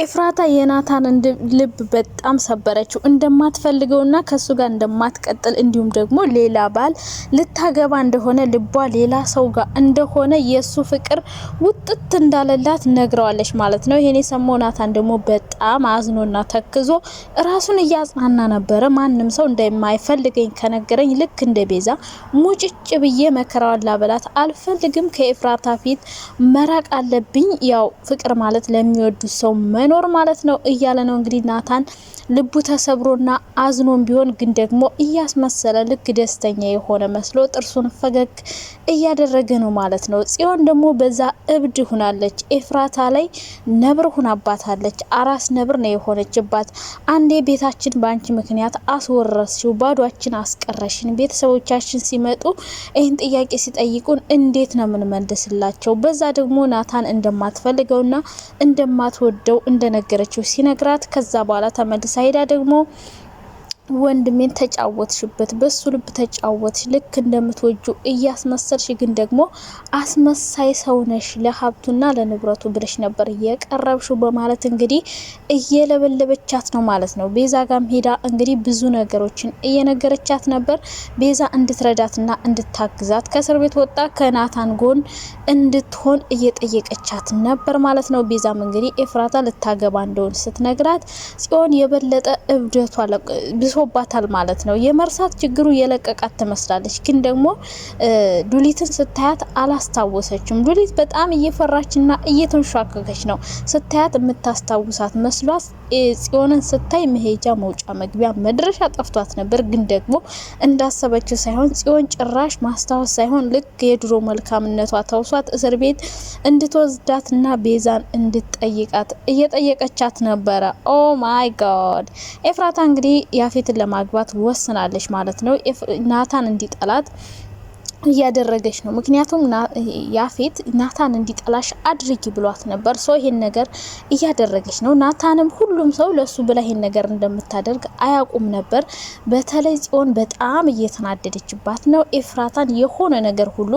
ኤፍራታ የናታንን ልብ በጣም ሰበረችው። እንደማትፈልገውና ከሱ ጋር እንደማትቀጥል እንዲሁም ደግሞ ሌላ ባል ልታገባ እንደሆነ ልቧ ሌላ ሰው ጋር እንደሆነ የሱ ፍቅር ውጥት እንዳለላት ነግረዋለች ማለት ነው። ይሄን የሰማው ናታን ደግሞ በጣም አዝኖና ተክዞ ራሱን እያጽናና ነበረ። ማንም ሰው እንደማይፈልገኝ ከነገረኝ ልክ እንደ ቤዛ ሙጭጭ ብዬ መከራዋን ላበላት አልፈልግም። ከኤፍራታ ፊት መራቅ አለብኝ። ያው ፍቅር ማለት ለሚወዱ ሰው መኖር ማለት ነው እያለ ነው እንግዲህ ናታን ልቡ ተሰብሮና አዝኖም ቢሆን ግን ደግሞ እያስመሰለ ልክ ደስተኛ የሆነ መስሎ ጥርሱን ፈገግ እያደረገ ነው ማለት ነው። ጽዮን ደግሞ በዛ እብድ ሁናለች። ኤፍራታ ላይ ነብር ሁናባታለች። አራስ ነብር ነው የሆነችባት። አንዴ ቤታችን በአንቺ ምክንያት አስወረስሽው፣ ባዷችን አስቀረሽን። ቤተሰቦቻችን ሲመጡ ይህን ጥያቄ ሲጠይቁን እንዴት ነው የምንመልስላቸው? በዛ ደግሞ ናታን እንደማትፈልገውና እንደማትወደው እንደነገረችው ሲነግራት ከዛ በኋላ ተመልሳ ሄዳ ደግሞ ወንድሜን ተጫወትሽበት፣ በሱ ልብ ተጫወትሽ፣ ልክ እንደምትወጁ እያስመሰልሽ ግን ደግሞ አስመሳይ ሰውነሽ ለሀብቱና ለንብረቱ ብለሽ ነበር የቀረብሽው በማለት እንግዲህ እየለበለበቻት ነው ማለት ነው። ቤዛ ጋም ሄዳ እንግዲህ ብዙ ነገሮችን እየነገረቻት ነበር። ቤዛ እንድትረዳትና እንድታግዛት ከእስር ቤት ወጣ ከናታን ጎን እንድትሆን እየጠየቀቻት ነበር ማለት ነው። ቤዛም እንግዲህ ኤፍራታ ልታገባ እንደሆን ስትነግራት ጽዮን የበለጠ እብደቷ ይዞባታል ማለት ነው። የመርሳት ችግሩ የለቀቃት ትመስላለች፣ ግን ደግሞ ዱሊትን ስታያት አላስታወሰችም። ዱሊት በጣም እየፈራችና እየተንሸዋከከች ነው። ስታያት የምታስታውሳት መስሏት ጽዮንን ስታይ መሄጃ መውጫ መግቢያ መድረሻ ጠፍቷት ነበር። ግን ደግሞ እንዳሰበችው ሳይሆን ጽዮን ጭራሽ ማስታወስ ሳይሆን ልክ የድሮ መልካምነቷ ተውሷት እስር ቤት እንድትወስዳትና ቤዛን እንድትጠይቃት እየጠየቀቻት ነበረ። ኦ ማይ ጋድ ኤፍራታ እንግዲህ ያፌ ትውፊትን ለማግባት ወስናለች ማለት ነው። ናታን እንዲጠላት እያደረገች ነው። ምክንያቱም ያፌት ናታን እንዲጠላሽ አድርጊ ብሏት ነበር። ሰው ይሄን ነገር እያደረገች ነው። ናታንም ሁሉም ሰው ለሱ ብላ ይሄን ነገር እንደምታደርግ አያውቁም ነበር። በተለይ ጽዮን በጣም እየተናደደችባት ነው። ኤፍራታን የሆነ ነገር ሁሉ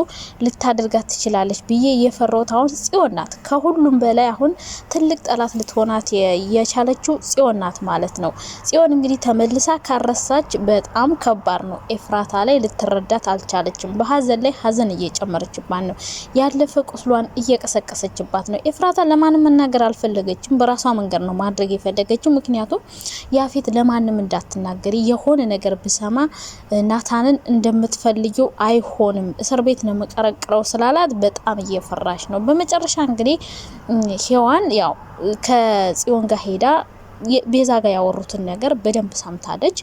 ልታደርጋት ትችላለች ብዬ የፈራሁት አሁን ጽዮን ናት። ከሁሉም በላይ አሁን ትልቅ ጠላት ልትሆናት የቻለችው ጽዮን ናት ማለት ነው። ጽዮን እንግዲህ ተመልሳ ካረሳች በጣም ከባድ ነው። ኤፍራታ ላይ ልትረዳት አልቻለችም። ሀዘን ላይ ሀዘን እየጨመረችባት ነው። ያለፈ ቁስሏን እየቀሰቀሰችባት ነው። ኤፍራታ ለማንም መናገር አልፈለገችም። በራሷ መንገድ ነው ማድረግ የፈለገችው። ምክንያቱም ያፌት ለማንም እንዳትናገሪ የሆነ ነገር ብሰማ ናታንን እንደምትፈልጊው አይሆንም፣ እስር ቤት ነው መቀረቅረው ስላላት በጣም እየፈራሽ ነው። በመጨረሻ እንግዲህ ሄዋን ያው ከጽዮን ጋር ሄዳ ቤዛ ጋር ያወሩትን ነገር በደንብ ሰምታለች።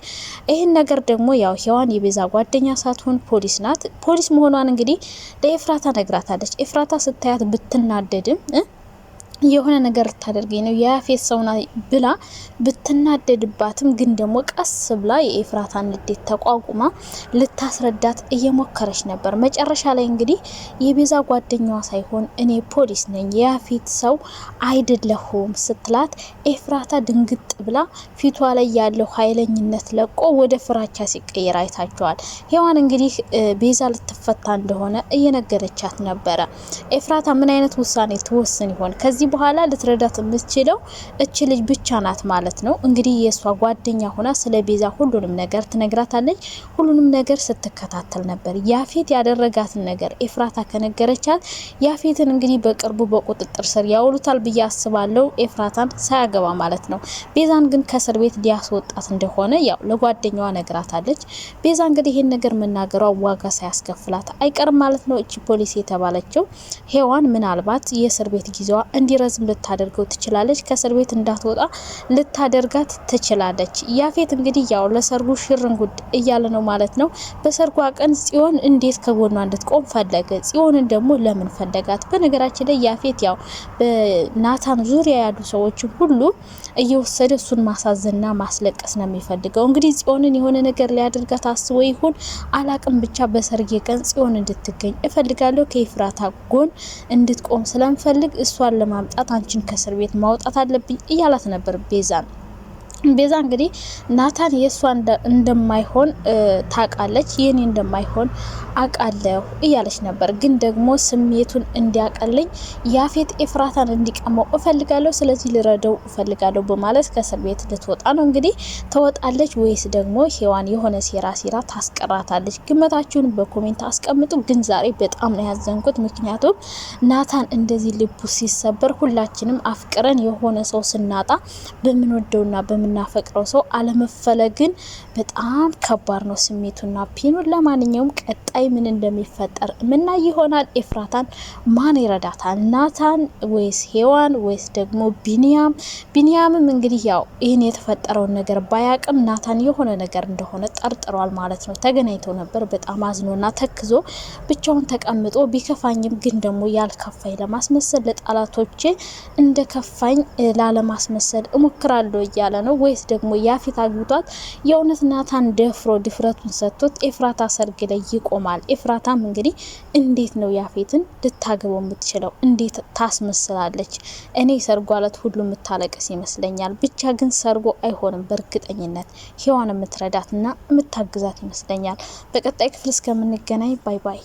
ይህን ነገር ደግሞ ያው ሔዋን የቤዛ ጓደኛ ሳትሆን ፖሊስ ናት። ፖሊስ መሆኗን እንግዲህ ለኤፍራታ ነግራታለች። ኤፍራታ ስታያት ብትናደድም የሆነ ነገር ልታደርገኝ ነው የያፌት ሰውና ብላ ብትናደድባትም ግን ደግሞ ቀስ ብላ የኤፍራታን ንዴት ተቋቁማ ልታስረዳት እየሞከረች ነበር። መጨረሻ ላይ እንግዲህ የቤዛ ጓደኛዋ ሳይሆን እኔ ፖሊስ ነኝ የያፌት ሰው አይደለሁም ስትላት ኤፍራታ ድንግጥ ብላ ፊቷ ላይ ያለው ኃይለኝነት ለቆ ወደ ፍራቻ ሲቀየር አይታቸዋል። ሔዋን እንግዲህ ቤዛ ልትፈታ እንደሆነ እየነገረቻት ነበረ። ኤፍራታ ምን አይነት ውሳኔ ትወስን ይሆን ከዚህ በኋላ ልትረዳት የምትችለው እች ልጅ ብቻ ናት ማለት ነው። እንግዲህ የእሷ ጓደኛ ሆና ስለ ቤዛ ሁሉንም ነገር ትነግራታለች። ሁሉንም ነገር ስትከታተል ነበር። ያፌት ያደረጋትን ነገር ኤፍራታ ከነገረቻት ያፌትን እንግዲህ በቅርቡ በቁጥጥር ስር ያውሉታል ብዬ አስባለሁ። ኤፍራታን ሳያገባ ማለት ነው። ቤዛን ግን ከእስር ቤት ሊያስወጣት እንደሆነ ያው ለጓደኛዋ ነግራታለች። ቤዛ እንግዲህ ይህን ነገር መናገሯ ዋጋ ሳያስከፍላት አይቀርም ማለት ነው። እቺ ፖሊስ የተባለችው ሄዋን ምናልባት የእስር ቤት ጊዜዋ እንዲ እንዲረዝም ልታደርገው ትችላለች። ከእስር ቤት እንዳትወጣ ልታደርጋት ትችላለች። ያፌት እንግዲህ ያው ለሰርጉ ሽርንጉድ እያለ ነው ማለት ነው። በሰርጓ ቀን ጽዮን እንዴት ከጎኗ እንድትቆም ፈለገ። ጽዮንን ደግሞ ለምን ፈለጋት? በነገራችን ላይ ያፌት ያው በናታን ዙሪያ ያሉ ሰዎችን ሁሉ እየወሰደ እሱን ማሳዘንና ማስለቀስ ነው የሚፈልገው። እንግዲህ ጽዮንን የሆነ ነገር ሊያደርጋት አስቦ ይሁን አላቅም፣ ብቻ በሰርጌ ቀን ጽዮን እንድትገኝ እፈልጋለሁ ከኤፍራታ ጎን እንድትቆም ስለምፈልግ እሷን ለማ በማምጣት አንቺን ከእስር ቤት ማውጣት አለብኝ እያላት ነበር ቤዛን። ቤዛ እንግዲህ ናታን የእሷ እንደማይሆን ታውቃለች። የኔ እንደማይሆን አውቃለሁ እያለች ነበር። ግን ደግሞ ስሜቱን እንዲያቀልኝ ያፌት ኤፍራታን እንዲቀመው እፈልጋለሁ፣ ስለዚህ ልረደው እፈልጋለሁ በማለት ከእስር ቤት ልትወጣ ነው። እንግዲህ ትወጣለች ወይስ ደግሞ ሔዋን የሆነ ሴራ ሴራ ታስቀራታለች? ግምታችሁን በኮሜንት አስቀምጡ። ግን ዛሬ በጣም ነው ያዘንኩት፣ ምክንያቱም ናታን እንደዚህ ልቡ ሲሰበር ሁላችንም አፍቅረን የሆነ ሰው ስናጣ በምንወደውና በምን የምናፈቅረው ሰው አለመፈለግን በጣም ከባድ ነው ስሜቱና ፒኑ ለማንኛውም ቀጣይ ምን እንደሚፈጠር ምናይ ይሆናል። ኤፍራታን ማን ይረዳታል? ናታን ወይስ ሄዋን ወይስ ደግሞ ቢኒያም? ቢኒያምም እንግዲህ ያው ይህን የተፈጠረውን ነገር ባያቅም ናታን የሆነ ነገር እንደሆነ ጠርጥሯል ማለት ነው። ተገናኝተው ነበር። በጣም አዝኖና ተክዞ ብቻውን ተቀምጦ ቢከፋኝም ግን ደግሞ ያልከፋኝ ለማስመሰል ለጠላቶቼ እንደ ከፋኝ ላለማስመሰል እሞክራለሁ እያለ ነው። ወይስ ደግሞ ያፌት አግብቷት የእውነት ናታን ደፍሮ ድፍረቱን ሰጥቶት ኤፍራታ ሰርግ ላይ ይቆማል? ኤፍራታም እንግዲህ እንዴት ነው ያፌትን ልታገባው የምትችለው? እንዴት ታስመስላለች? እኔ ሰርጉ አለት ሁሉ የምታለቅስ ይመስለኛል። ብቻ ግን ሰርጎ አይሆንም። በእርግጠኝነት ሔዋን የምትረዳትና የምታግዛት ይመስለኛል። በቀጣይ ክፍል እስከምንገናኝ ባይ ባይ።